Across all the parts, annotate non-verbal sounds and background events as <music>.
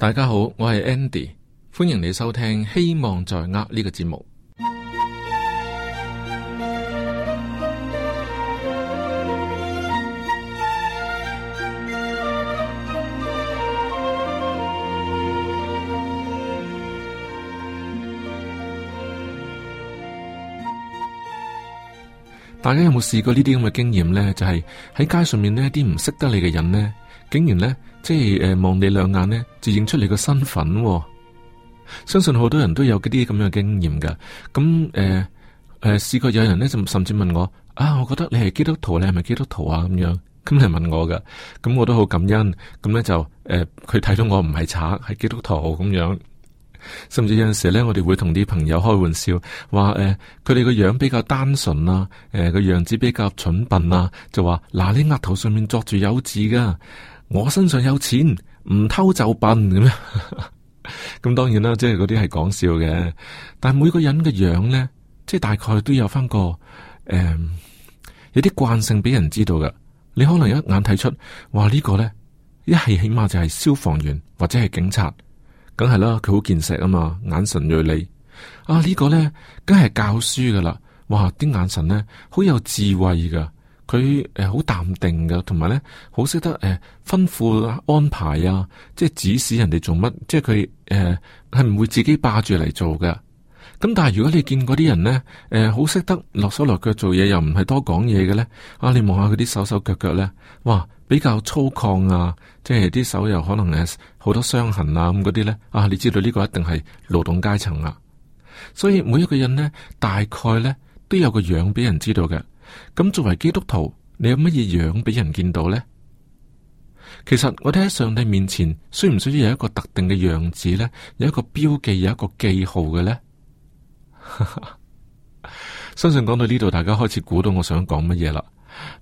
大家好，我係 Andy，歡迎你收聽《希望在握》呢個節目。大家有冇試過呢啲咁嘅經驗呢？就係、是、喺街上面咧，啲唔識得你嘅人呢。竟然咧，即係誒、呃，望你兩眼咧，就認出你個身份，哦。相信好多人都有嗰啲咁樣嘅經驗噶。咁、嗯、誒誒，試過有人咧，就甚至問我：啊，我覺得你係基督徒，你係咪基督徒啊？咁樣咁嚟問我噶。咁、嗯、我都好感恩。咁、嗯、咧、嗯、就誒，佢、呃、睇到我唔係賊，係基督徒咁樣。甚至有陣時咧，我哋會同啲朋友開玩笑，話誒，佢哋個樣比較單純啊，誒、呃，個樣子比較蠢笨啊，就話嗱，你額頭上面作住有字噶。我身上有錢，唔偷就笨咁樣。咁 <laughs> 當然啦，即係嗰啲係講笑嘅。但係每個人嘅樣咧，即係大概都有翻個，誒、呃，有啲慣性俾人知道嘅。你可能一眼睇出，哇、這個、呢個咧，一係起碼就係消防員或者係警察，梗係啦，佢好見識啊嘛，眼神銳利，利。啊、這個、呢個咧，梗係教書噶啦，哇啲眼神咧，好有智慧噶。佢誒好淡定㗎，同埋咧好識得誒、呃、吩咐安排啊，即係指使人哋做乜，即係佢誒係唔會自己霸住嚟做㗎。咁但係如果你見嗰啲人咧，誒好識得落手落腳做嘢，又唔係多講嘢嘅咧，啊你望下佢啲手手腳腳咧，哇比較粗獷啊，即係啲手又可能係好多傷痕啊咁嗰啲咧，啊你知道呢個一定係勞動階層啊。所以每一個人咧，大概咧都有個樣俾人知道嘅。咁作為基督徒，你有乜嘢樣俾人見到呢？其實我哋喺上帝面前，需唔需要有一個特定嘅樣子呢？有一個標記，有一個記號嘅呢？ <laughs> 相信講到呢度，大家開始估到我想講乜嘢啦。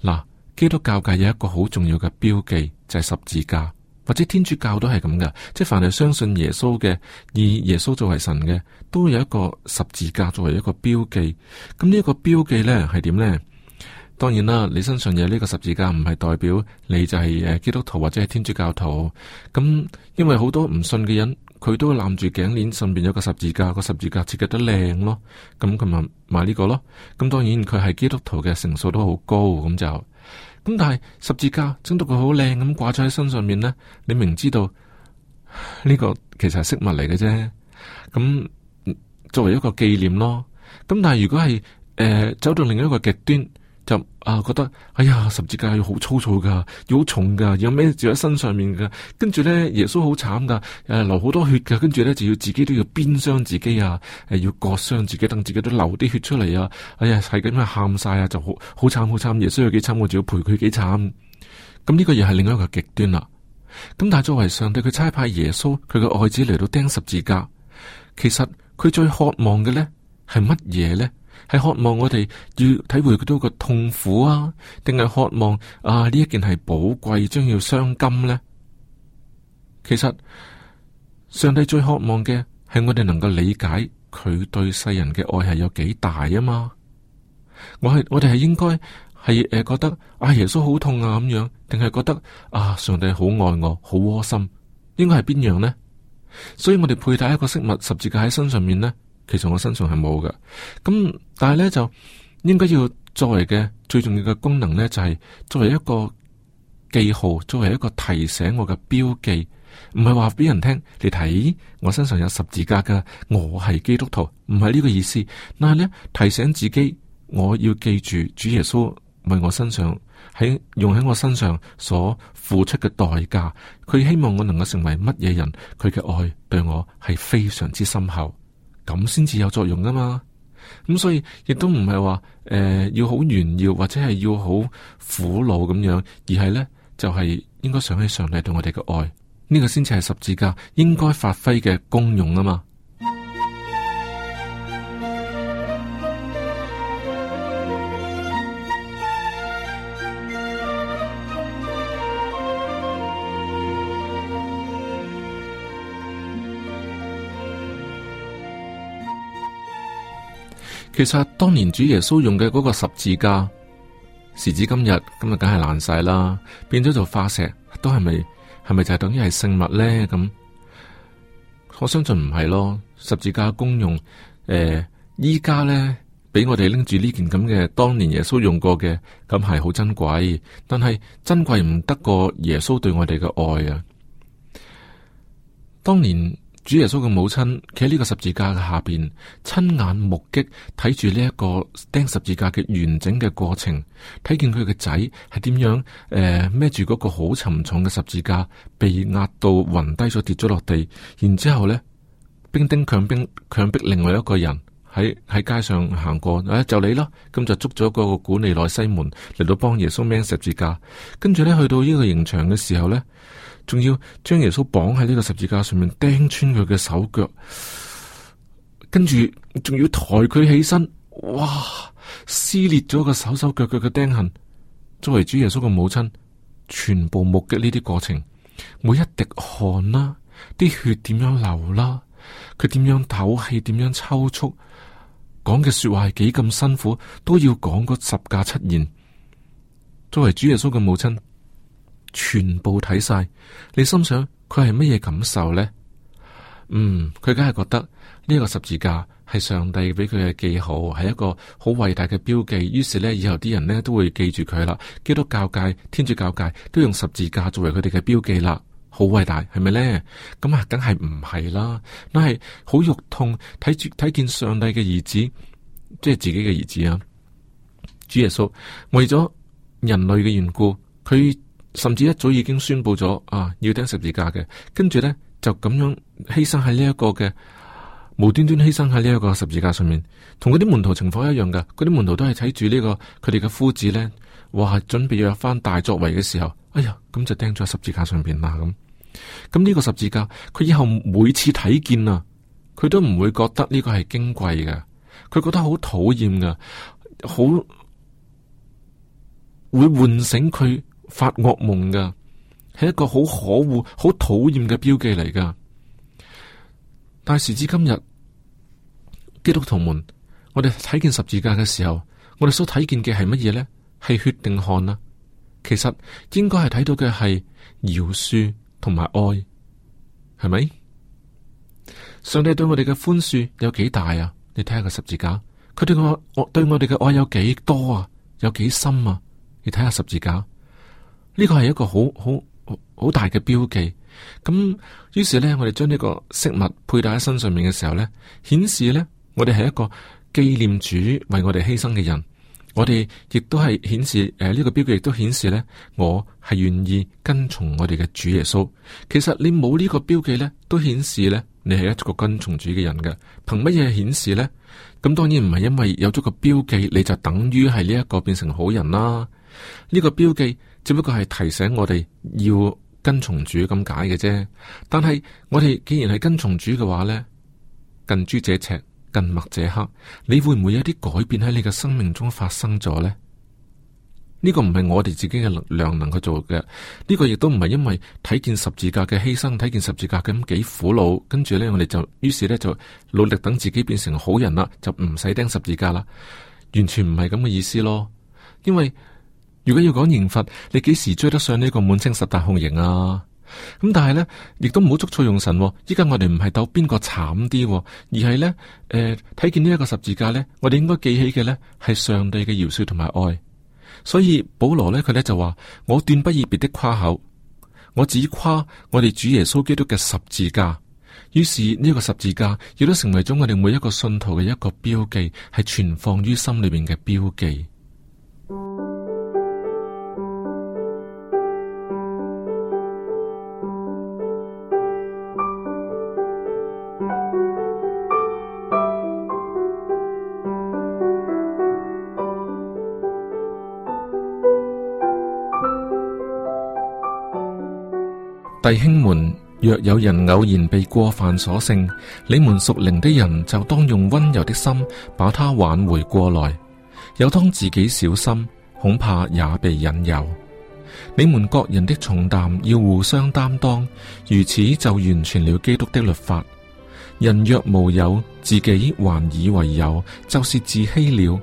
嗱，基督教界有一個好重要嘅標記就係十字架，或者天主教都係咁嘅，即凡係相信耶穌嘅，以耶穌作為神嘅，都有一個十字架作為一個標記。咁呢個標記呢係點呢？當然啦，你身上有呢個十字架，唔係代表你就係誒基督徒，或者係天主教徒。咁、嗯、因為好多唔信嘅人，佢都攬住頸鏈，上面有個十字架，個十字架設計得靚咯。咁佢咪買呢個咯？咁、嗯、當然佢係基督徒嘅成數都好高，咁、嗯、就咁、嗯。但係十字架整到佢好靚咁掛咗喺身上面呢，你明知道呢、個其實係飾物嚟嘅啫。咁、嗯、作為一個紀念咯。咁、嗯、但係如果係誒、呃、走到另一個極端。就啊，覺得哎呀十字架要好粗糙噶，要好重噶，要孭住喺身上面噶？跟住咧，耶穌好慘噶，誒、啊、流好多血嘅，跟住咧就要自己都要鞭傷自己啊，誒、啊、要割傷自己，等自己都流啲血出嚟啊！哎呀係咁樣啊，喊晒啊，就好好慘好慘，耶穌有幾慘，我就要陪佢幾慘。咁、嗯、呢、這個亦係另一個極端啦、啊。咁但係作為上帝佢差派耶穌佢嘅愛子嚟到釘十字架，其實佢最渴望嘅咧係乜嘢咧？係渴望我哋要體會到個痛苦啊，定係渴望啊呢一件係寶貴，將要傷金呢？其實上帝最渴望嘅係我哋能夠理解佢對世人嘅愛係有幾大啊嘛，我係我哋係應該係誒、呃、覺得阿、啊、耶穌好痛啊咁樣，定係覺得啊上帝好愛我，好窩心，應該係邊樣呢？所以我哋佩戴一個飾物十字架喺身上面呢。其實我身上係冇嘅，咁但係咧就應該要作為嘅最重要嘅功能咧，就係、是、作為一個記號，作為一個提醒我嘅標記，唔係話俾人聽你睇我身上有十字架噶，我係基督徒，唔係呢個意思。但係咧提醒自己，我要記住主耶穌為我身上喺用喺我身上所付出嘅代價，佢希望我能夠成為乜嘢人，佢嘅愛對我係非常之深厚。咁先至有作用㗎嘛，咁所以亦都唔係話誒要好炫耀，或者係要好苦惱咁樣，而係咧就係應該想起上帝對我哋嘅愛，呢個先至係十字架應該發揮嘅功用啊嘛。其實、啊、當年主耶穌用嘅嗰個十字架，時至今日咁就梗係爛晒啦，變咗做化石，都係咪係咪就係等於係聖物咧？咁我相信唔係咯，十字架嘅功用，誒、呃，依家咧俾我哋拎住呢件咁嘅當年耶穌用過嘅，咁係好珍貴，但係珍貴唔得過耶穌對我哋嘅愛啊！當年。主耶穌嘅母親企喺呢個十字架嘅下邊，親眼目擊睇住呢一個釘十字架嘅完整嘅過程，睇見佢嘅仔係點樣誒孭住嗰個好沉重嘅十字架，被壓到暈低咗跌咗落地，然之後咧兵丁強兵強逼另外一個人喺喺街上行過，誒、哎、就你咯，咁就捉咗嗰個古利奈西門嚟到幫耶穌孭十字架，跟住呢，去到呢個刑場嘅時候呢。仲要將耶穌綁喺呢個十字架上面釘穿佢嘅手腳，跟住仲要抬佢起身，哇！撕裂咗個手手腳腳嘅釘痕。作為主耶穌嘅母親，全部目擊呢啲過程，每一滴汗啦，啲血點樣流啦，佢點樣抖氣，點樣抽搐，講嘅說話係幾咁辛苦，都要講個十架七言。作為主耶穌嘅母親。全部睇晒，你心想佢係乜嘢感受咧？嗯，佢梗係覺得呢個十字架係上帝俾佢嘅記號，係一個好偉大嘅標記。於是咧，以後啲人咧都會記住佢啦。基督教界、天主教界都用十字架作為佢哋嘅標記啦，好偉大，係咪咧？咁、嗯、啊，梗係唔係啦，都係好肉痛睇住睇見上帝嘅兒子，即係自己嘅兒子啊。主耶穌為咗人類嘅緣故，佢。甚至一早已經宣布咗啊，要釘十字架嘅，跟住咧就咁樣犧牲喺呢一個嘅無端端犧牲喺呢一個十字架上面，同嗰啲門徒情況一樣嘅，嗰啲門徒都係睇住呢個佢哋嘅夫子咧，哇，準備要有翻大作為嘅時候，哎呀，咁就釘咗十字架上面啦，咁，咁呢、嗯，這個十字架佢以後每次睇見啊，佢都唔會覺得呢個係矜貴嘅，佢覺得好討厭噶，好會喚醒佢。發惡夢噶，係一個好可惡、好討厭嘅標記嚟噶。但時至今日，基督徒們，我哋睇見十字架嘅時候，我哋所睇見嘅係乜嘢呢？係血定汗啊？其實應該係睇到嘅係饒恕同埋愛，係咪？上帝對我哋嘅寬恕有幾大啊？你睇下個十字架，佢對我我對我哋嘅愛有幾多，多啊？有幾深啊？你睇下十字架。呢個係一個好好好大嘅標記。咁於是呢，我哋將呢個飾物佩戴喺身上面嘅時候呢，顯示呢，我哋係一個紀念主為我哋犧牲嘅人。我哋亦都係顯示誒呢、呃呢個標記，亦都顯示呢，我係願意跟從我哋嘅主耶穌。其實你冇呢個標記呢，都顯示呢，你係一個跟從主嘅人嘅。憑乜嘢顯示呢？咁當然唔係因為有咗個標記，你就等於係呢一個變成好人啦。呢、呢個標記。只不過係提醒我哋要跟從主咁解嘅啫，但係我哋既然係跟從主嘅話呢，近朱者赤，近墨者黑，你會唔會有啲改變喺你嘅生命中發生咗呢？呢個唔係我哋自己嘅力量能夠做嘅，呢個亦都唔係因為睇見十字架嘅犧牲，睇見十字架咁幾苦惱，跟住呢，我哋就，於是呢，就努力等自己變成好人啦，就唔使釘十字架啦，完全唔係咁嘅意思咯，因為。如果要講刑罰，你幾時追得上呢一個滿清十大酷刑啊？咁但係呢，亦都唔好捉錯用神，哦。依家我哋唔係鬥邊個慘啲，而係呢，誒、呃，睇見呢一個十字架呢，我哋應該記起嘅呢，係上帝嘅饒恕同埋愛。所以保羅呢，佢呢就話：我斷不以別的誇口，我只誇我哋主耶穌基督嘅十字架。於是呢個十字架亦都成為咗我哋每一個信徒嘅一個標記，係存放於心裏面嘅標記。弟兄們，若有人偶然被過犯所勝，你們屬靈的人就當用溫柔的心把他挽回過來。又當自己小心，恐怕也被引誘。你們各人的重擔要互相擔當，如此就完全了基督的律法。人若無有，自己還以為有，就是自欺了。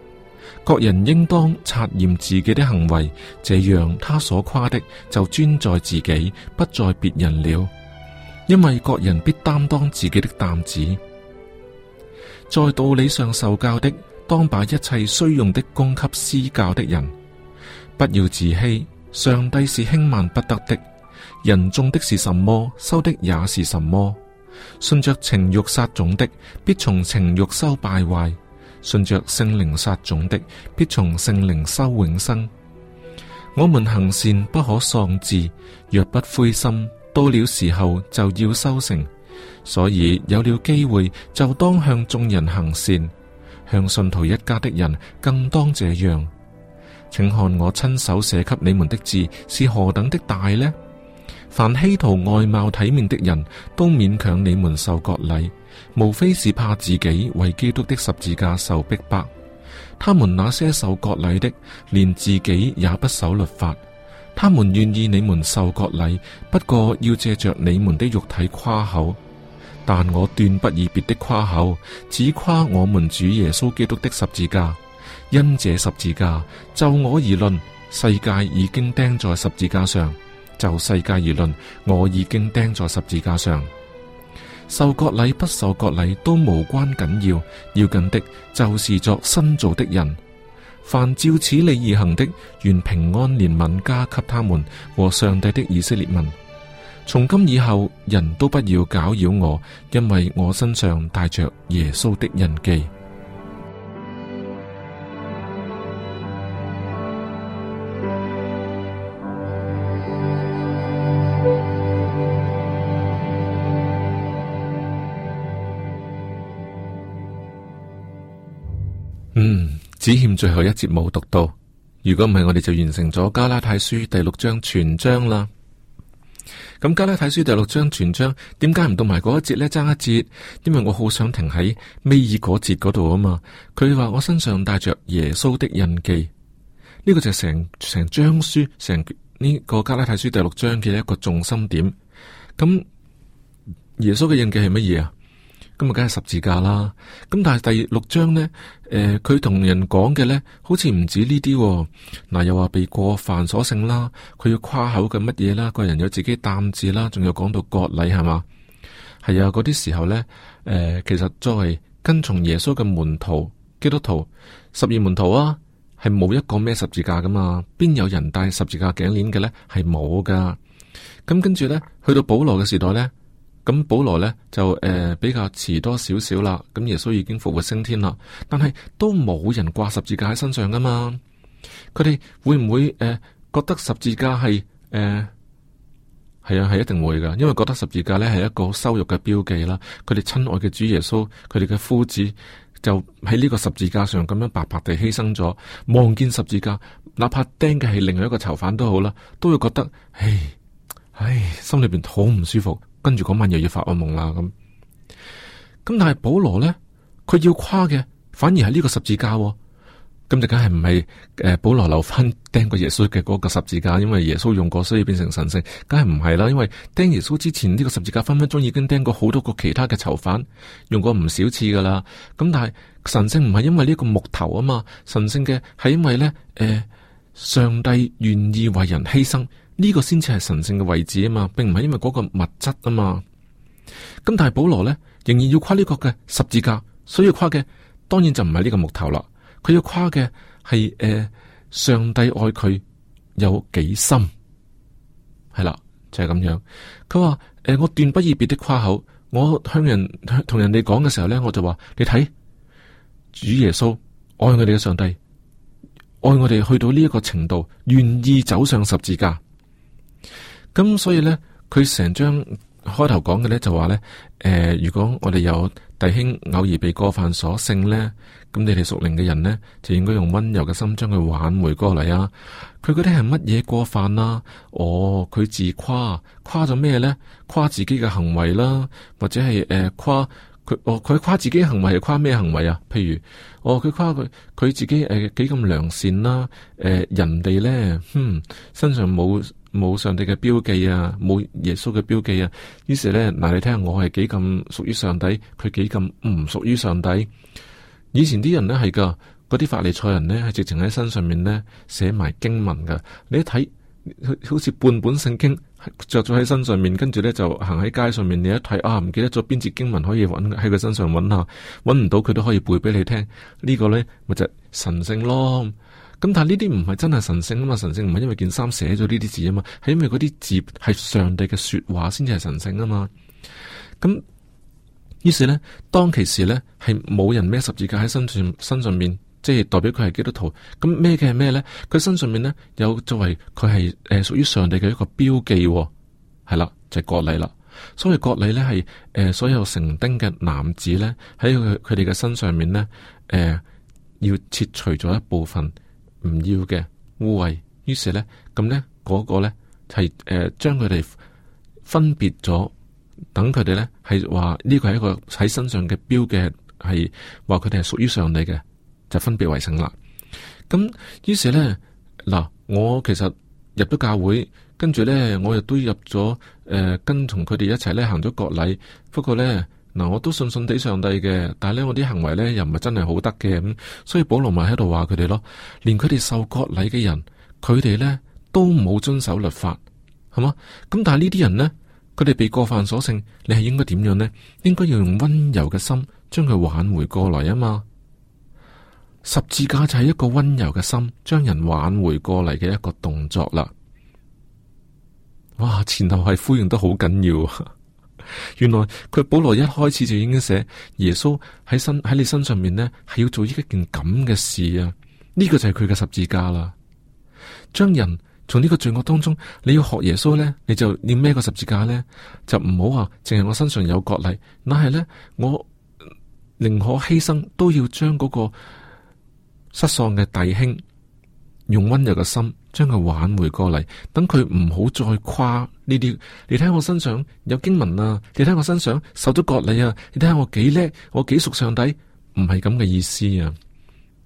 各人應當察驗自己的行為，這樣他所誇的就專在自己，不在別人了。因為各人必擔當自己的擔子。在道理上受教的，當把一切需用的供給施教的人。不要自欺，上帝是輕慢不得的。人種的是什麼，收的也是什麼。順着情欲撒種的，必從情欲收敗壞。順着聖靈殺種的，必從聖靈收永生。我們行善不可喪志，若不灰心，到了時候就要收成。所以有了機會，就當向眾人行善，向信徒一家的人更當這樣。請看我親手寫給你們的字是何等的大呢？凡希圖外貌體面的人都勉強你們受割禮。無非是怕自己為基督的十字架受逼迫，他們那些受割禮的，連自己也不守律法。他們願意你們受割禮，不過要借着你們的肉體誇口。但我斷不以別的誇口，只誇我們主耶穌基督的十字架。因這十字架就我而論，世界已經釘在十字架上；就世界而論，我已經釘在十字架上。受割禮不受割禮都無關緊要，要緊的就是作新造的人。凡照此理而行的，願平安憐憫加給他們和上帝的以色列民。從今以後，人都不要攪擾我，因為我身上帶着耶穌的印記。只欠最後一節冇讀到，如果唔係我哋就完成咗加拉太書第六章全章啦。咁加拉太書第六章全章，點解唔讀埋嗰一節呢？爭一節，因為我好想停喺尾二嗰節嗰度啊嘛。佢話我身上帶着耶穌的印記，呢、呢個就係成成張書成呢個加拉太書第六章嘅一個重心點。咁耶穌嘅印記係乜嘢啊？咁啊，梗係十字架啦。咁但係第六章呢，誒、呃，佢同人講嘅呢好似唔止呢啲，啊。嗱、呃，又話被過犯所勝啦，佢要誇口嘅乜嘢啦，個人有自己擔子啦，仲有講到割禮係嘛，係啊，嗰啲時候呢，誒、呃，其實作為跟從耶穌嘅門徒、基督徒、十二門徒啊，係冇一個咩十字架噶嘛，邊有人戴十字架頸鏈嘅呢？係冇噶。咁跟住呢，去到保羅嘅時代呢。咁保羅呢就誒、呃、比較遲多少少啦，咁耶穌已經復活升天啦，但係都冇人掛十字架喺身上噶嘛，佢哋會唔會誒、呃、覺得十字架係誒係啊係一定會噶，因為覺得十字架呢係一個羞辱嘅標記啦，佢哋親愛嘅主耶穌，佢哋嘅夫子就喺呢個十字架上咁樣白白地犧牲咗，望見十字架，哪怕釘嘅係另外一個囚犯都好啦，都會覺得唉唉，心裏邊好唔舒服。跟住嗰晚又要發噩夢啦咁，咁但係保羅呢，佢要誇嘅反而係呢個十字架、哦，咁就梗係唔係誒保羅留翻釘過耶穌嘅嗰個十字架，因為耶穌用過，所以變成神聖，梗係唔係啦。因為釘耶穌之前呢個十字架分分鐘已經釘過好多個其他嘅囚犯，用過唔少次噶啦。咁但係神聖唔係因為呢個木頭啊嘛，神聖嘅係因為呢，誒、呃、上帝願意為人犧牲。呢個先至係神聖嘅位置啊嘛，並唔係因為嗰個物質啊嘛。咁但係保羅呢仍然要誇呢個嘅十字架，所以要誇嘅當然就唔係呢個木頭啦。佢要誇嘅係誒上帝愛佢有幾深，係啦就係、是、咁樣。佢話誒我斷不以別的誇口，我向人向同人哋講嘅時候呢，我就話你睇主耶穌愛我哋嘅上帝，愛我哋去到呢一個程度，願意走上十字架。咁所以呢，佢成章開頭講嘅呢，就話呢：呃「誒，如果我哋有弟兄偶然被過犯所勝呢，咁你哋屬靈嘅人呢，就應該用温柔嘅心將佢挽回過嚟啊！佢嗰啲係乜嘢過犯啊？哦，佢自誇，誇咗咩呢？誇自己嘅行為啦，或者係誒誇佢哦，佢誇自己行為係誇咩行為啊？譬如哦，佢誇佢佢自己誒幾咁良善啦、啊，誒、呃、人哋呢，哼，身上冇。冇上帝嘅標記啊，冇耶穌嘅標記啊，於是呢，嗱你睇下，我係幾咁屬於上帝，佢幾咁唔屬於上帝。以前啲人呢係噶，嗰啲法利賽人呢係直情喺身上面呢寫埋經文噶，你一睇，佢好似半本聖經。着咗喺身上面，跟住咧就行喺街上面。你一睇啊，唔記得咗邊隻經文可以揾喺佢身上揾下，揾唔到佢都可以背俾你聽。這個、呢個咧咪就是、神聖咯。咁但係呢啲唔係真係神聖啊嘛，神聖唔係因為件衫寫咗呢啲字啊嘛，係因為嗰啲字係上帝嘅說話先至係神聖啊嘛。咁於是呢，當其時呢，係冇人孭十字架喺身上身上面。即係代表佢係基督徒，咁咩嘅係咩咧？佢身上面咧有作為佢係誒屬於上帝嘅一個標記，哦，係啦就係、是、割禮啦。所謂割禮咧係誒所有成丁嘅男子咧喺佢佢哋嘅身上面咧誒要切除咗一部分唔要嘅護衛，於是咧咁咧嗰個咧係誒將佢哋分別咗，等佢哋咧係話呢個係一個喺身上嘅標記係話佢哋係屬於上帝嘅。就分別為聖啦，咁於是呢，嗱，我其實入咗教會，跟住呢，我又都入咗誒、呃，跟同佢哋一齊咧行咗國禮。不過呢，嗱，我都信信地上帝嘅，但係呢，我啲行為呢，又唔係真係好得嘅咁、嗯，所以保羅咪喺度話佢哋咯，連佢哋受國禮嘅人，佢哋呢都冇遵守律法，係嘛？咁但係呢啲人呢，佢哋被過犯所勝，你係應該點樣呢？應該要用溫柔嘅心將佢挽回過來啊嘛？十字架就係一個溫柔嘅心，將人挽回過嚟嘅一個動作啦。哇，前頭係呼應得好緊要啊！原來佢保羅一開始就已經寫耶穌喺身喺你身上面呢，係要做呢一件咁嘅事啊！呢個就係佢嘅十字架啦，將人從呢個罪惡當中，你要學耶穌呢，你就念咩個十字架呢？就唔好話淨係我身上有角力，但係呢，我寧可犧牲，都要將嗰個，失喪嘅弟兄，用溫柔嘅心將佢挽回過嚟，等佢唔好再誇呢啲。你睇，我身上有經文啊，你睇,我身上受咗割禮啊，你睇下我幾叻，我幾熟上帝，唔係咁嘅意思啊。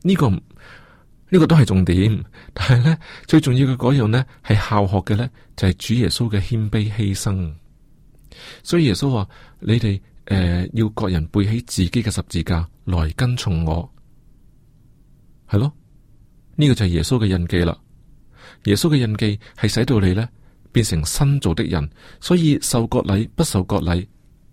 呢個呢個都係重點，但係呢，最重要嘅嗰樣呢係孝學嘅呢，就係、是、主耶穌嘅謙卑犧牲。所以耶穌話：你哋誒、呃、要各人背起自己嘅十字架來跟從我。係咯，呢、這個就係耶穌嘅印記啦。耶穌嘅印記係使到你咧變成新造的人，所以受割禮不受割禮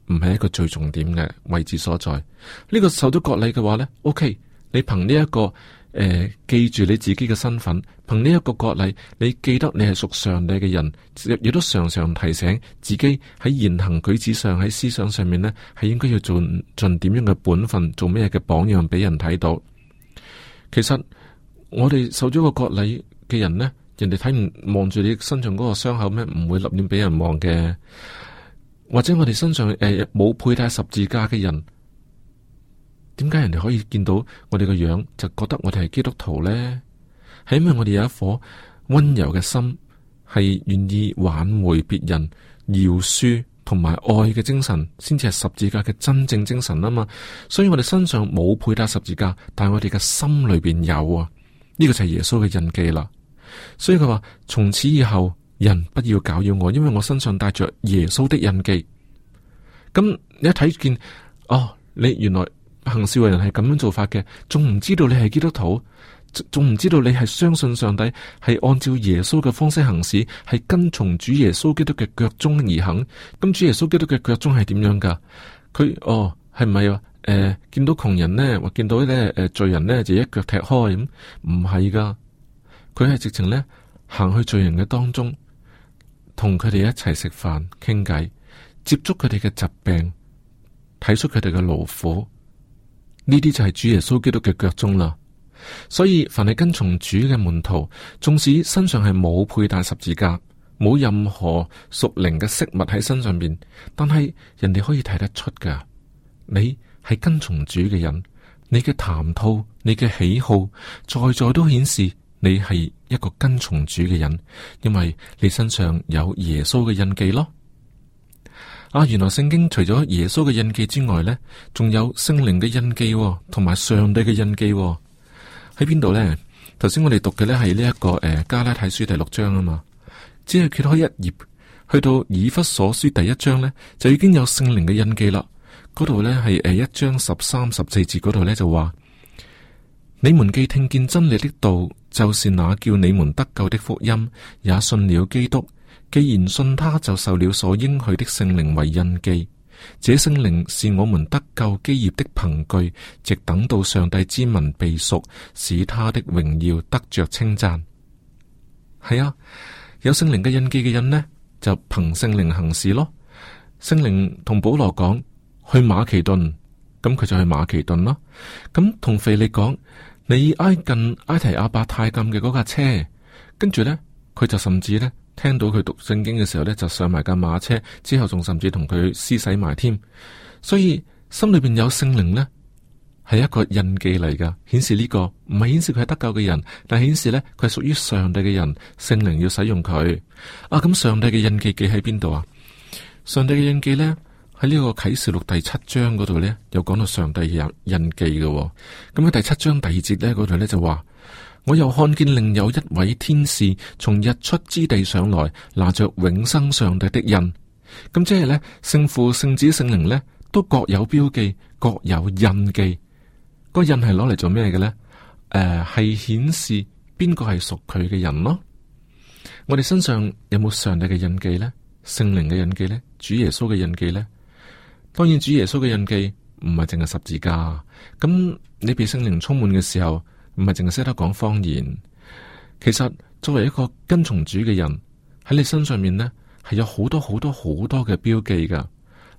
唔係一個最重點嘅位置所在。呢、這個受咗割禮嘅話呢 OK，你憑呢、這、一個誒、呃、記住你自己嘅身份，憑呢一個割禮，你記得你係屬上帝嘅人，亦都常常提醒自己喺言行舉止上、喺思想上面呢係應該要做盡點樣嘅本分，做咩嘅榜樣俾人睇到。其實我哋受咗個割禮嘅人呢，人哋睇唔望住你身上嗰個傷口咩，唔會立亂俾人望嘅。或者我哋身上誒冇佩戴十字架嘅人，點解人哋可以見到我哋個樣就覺得我哋係基督徒呢？係因為我哋有一顆溫柔嘅心，係願意挽回別人饒恕？同埋愛嘅精神，先至係十字架嘅真正精神啊嘛！所以我哋身上冇佩戴十字架，但係我哋嘅心裏邊有啊！呢、這個就係耶穌嘅印記啦。所以佢話從此以後，人不要攪擾我，因為我身上帶着耶穌的印記。咁你一睇見，哦，你原來行事為人係咁樣做法嘅，仲唔知道你係基督徒？仲唔知道你係相信上帝係按照耶穌嘅方式行事，係跟從主耶穌基督嘅腳蹤而行。咁主耶穌基督嘅腳蹤係點樣噶？佢哦係唔係話誒見到窮人呢，或見到咧誒、呃、罪人呢，就一腳踢開咁？唔係噶，佢係直情呢，行去罪人嘅當中，同佢哋一齊食飯傾偈，接觸佢哋嘅疾病，睇出佢哋嘅勞苦，呢啲就係主耶穌基督嘅腳蹤啦。所以，凡係跟從主嘅門徒，縱使身上係冇佩戴十字架，冇任何屬靈嘅飾物喺身上邊，但係人哋可以睇得出㗎，你係跟從主嘅人。你嘅談吐，你嘅喜好，在在都顯示你係一個跟從主嘅人，因為你身上有耶穌嘅印記咯。啊，原來聖經除咗耶穌嘅印記之外，呢，仲有聖靈嘅印記，同埋上帝嘅印記。喺邊度呢？頭先我哋讀嘅呢係呢一個誒、呃、加拉太書第六章啊嘛，只係揭開一頁，去到以弗所書第一章呢，就已經有聖靈嘅印記啦。嗰度呢係誒、呃、一章十三十四字嗰度呢，就話：你們既聽見真理的道，就是那叫你們得救的福音，也信了基督。既然信他，就受了所應許的聖靈為印記。這聖靈是我們得救基業的憑據，直等到上帝之民被贖，使他的榮耀得着稱讚。係啊，有聖靈嘅印記嘅人呢，就憑聖靈行事咯。聖靈同保羅講去馬其頓，咁佢就去馬其頓咯。咁同腓利講，你挨近埃提阿伯太監嘅嗰架車，跟住呢佢就甚至呢。聽到佢讀聖經嘅時候呢，就上埋架馬車，之後仲甚至同佢施洗埋添。所以心裏邊有聖靈呢，係一個印記嚟噶，顯示呢、呢個唔係顯示佢係得救嘅人，但係顯示呢，佢係屬於上帝嘅人，聖靈要使用佢。啊，咁上帝嘅印記記喺邊度啊？上帝嘅印記呢，喺呢個啟示錄第七章嗰度呢，有講到上帝嘅印記嘅、哦。咁喺第七章第二節呢嗰度呢，就話。我又看見另有一位天使從日出之地上來，拿着永生上帝的印。咁即係咧，聖父、聖子、聖靈咧，都各有標記，各有印記。個印係攞嚟做咩嘅咧？誒、呃，係顯示邊個係屬佢嘅人咯。我哋身上有冇上帝嘅印記呢？聖靈嘅印記呢？主耶穌嘅印記呢？當然，主耶穌嘅印記唔係淨係十字架。咁你被聖靈充滿嘅時候。唔係淨係識得講方言。其實作為一個跟從主嘅人，喺你身上面呢，係有好多好多好多嘅標記噶，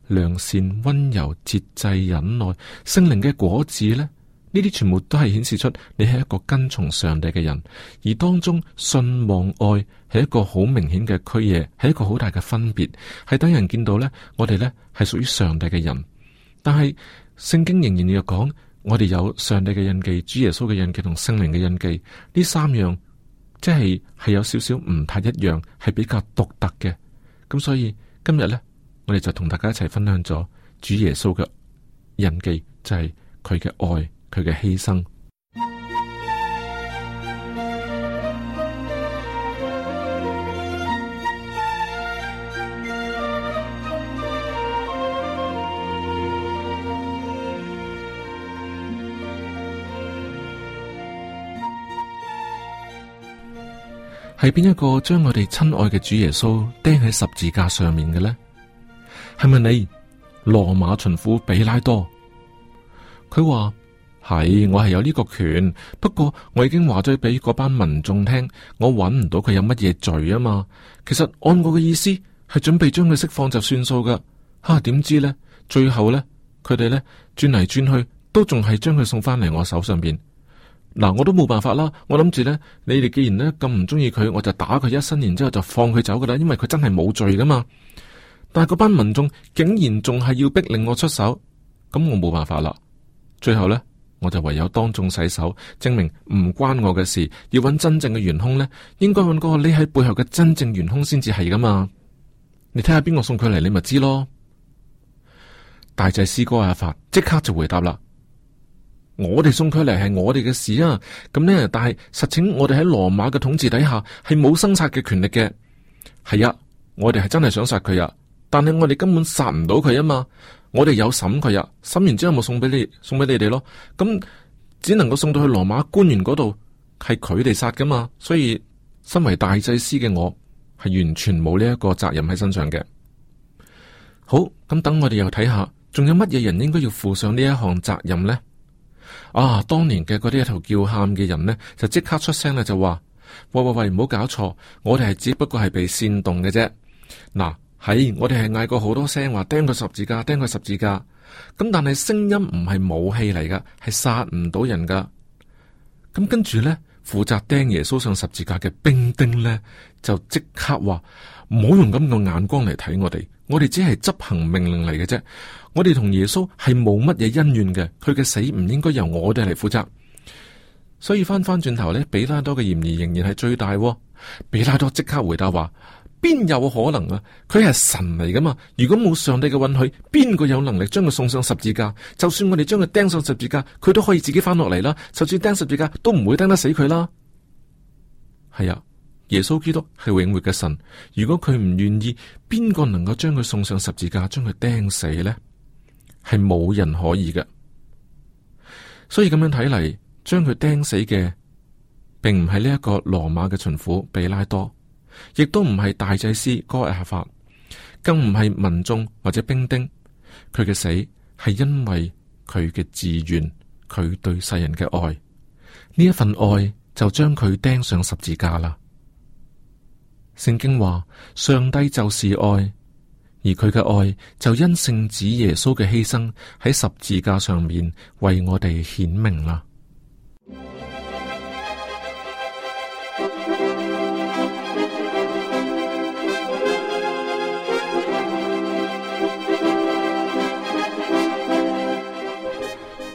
良善、溫柔、節制、忍耐，聖靈嘅果子呢，呢啲全部都係顯示出你係一個跟從上帝嘅人。而當中信望愛係一個好明顯嘅區嘢，係一個好大嘅分別，係等人見到呢，我哋呢係屬於上帝嘅人。但係聖經仍然要講。我哋有上帝嘅印記、主耶穌嘅印記同聖靈嘅印記，呢三樣即係係有少少唔太一樣，係比較獨特嘅。咁所以今日咧，我哋就同大家一齊分享咗主耶穌嘅印記，就係佢嘅愛、佢嘅犧牲。係邊一個將我哋親愛嘅主耶穌釘喺十字架上面嘅咧？係咪你羅馬巡撫比拉多？佢話係我係有呢個權，不過我已經話咗俾嗰班民眾聽，我揾唔到佢有乜嘢罪啊嘛。其實按我嘅意思係準備將佢釋放就算數噶。吓、啊，點知咧最後咧佢哋咧轉嚟轉去都仲係將佢送翻嚟我手上邊。嗱，我都冇辦法啦。我諗住呢，你哋既然呢咁唔中意佢，我就打佢一身，然之後就放佢走噶啦，因為佢真係冇罪噶嘛。但係班民眾竟然仲係要逼令我出手，咁我冇辦法啦。最後呢，我就唯有當眾洗手，證明唔關我嘅事。要揾真正嘅元凶呢，應該揾嗰個匿喺背後嘅真正元凶先至係噶嘛。你睇下邊個送佢嚟，你咪知咯。大祭司該亞法即刻就回答啦。我哋送佢嚟，係我哋嘅事啊！咁呢，但係實情我哋喺羅馬嘅統治底下係冇生殺嘅權力嘅。係啊，我哋係真係想殺佢啊，但係我哋根本殺唔到佢啊嘛。我哋有審佢啊，審完之後咪送俾你，送俾你哋咯。咁只能夠送到去羅馬官員嗰度，係佢哋殺噶嘛。所以身為大祭司嘅我，係完全冇呢一個責任喺身上嘅。好，咁等我哋又睇下，仲有乜嘢人應該要負上呢一項責任呢？啊！當年嘅嗰啲一頭叫喊嘅人呢，就即刻出聲啦，就話：喂喂喂，唔好搞錯，我哋係只不過係被煽動嘅啫。嗱，喺我哋係嗌過好多聲，話釘個十字架，釘個十字架。咁但係聲音唔係武器嚟噶，係殺唔到人噶。咁跟住呢，負責釘耶穌上十字架嘅兵丁呢，就即刻話：唔好用咁嘅眼光嚟睇我哋，我哋只係執行命令嚟嘅啫。我哋同耶穌係冇乜嘢恩怨嘅，佢嘅死唔應該由我哋嚟負責。所以翻翻轉頭呢，比拉多嘅嫌疑仍然係最大哦。比拉多即刻回答話：邊有可能啊？佢係神嚟噶嘛？如果冇上帝嘅允許，邊個有能力將佢送上十字架？就算我哋將佢釘上十字架，佢都可以自己翻落嚟啦。就算釘十字架，都唔會釘得死佢啦。係啊，耶穌基督係永活嘅神。如果佢唔願意，邊個能夠將佢送上十字架，將佢釘死呢？係冇人可以嘅，所以咁樣睇嚟，將佢釘死嘅，並唔係呢一個羅馬嘅巡撫彼拉多，亦都唔係大祭司哥阿法，更唔係民眾或者兵丁。佢嘅死係因為佢嘅自願，佢對世人嘅愛，呢一份愛就將佢釘上十字架啦。聖經話，上帝就是愛。而佢嘅愛就因聖子耶穌嘅犧牲喺十字架上面為我哋顯明啦。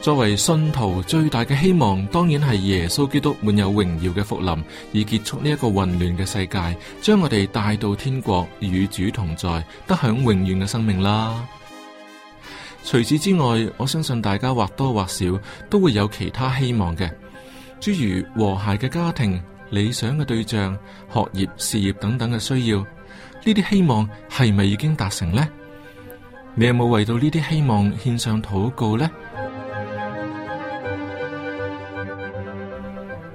作為信徒最大嘅希望，當然係耶穌基督滿有榮耀嘅福臨，以結束呢一個混亂嘅世界，將我哋帶到天國，與主同在，得享永遠嘅生命啦。除此之外，我相信大家或多或少都會有其他希望嘅，諸如和諧嘅家庭、理想嘅對象、學業、事業等等嘅需要。呢啲希望係咪已經達成呢？你有冇為到呢啲希望獻上禱告呢？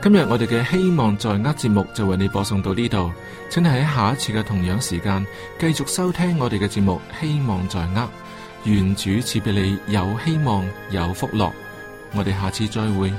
今日我哋嘅希望在握節目就為你播送到呢度，請你喺下一次嘅同樣時間繼續收聽我哋嘅節目，希望在握，願主賜俾你有希望有福樂，我哋下次再會。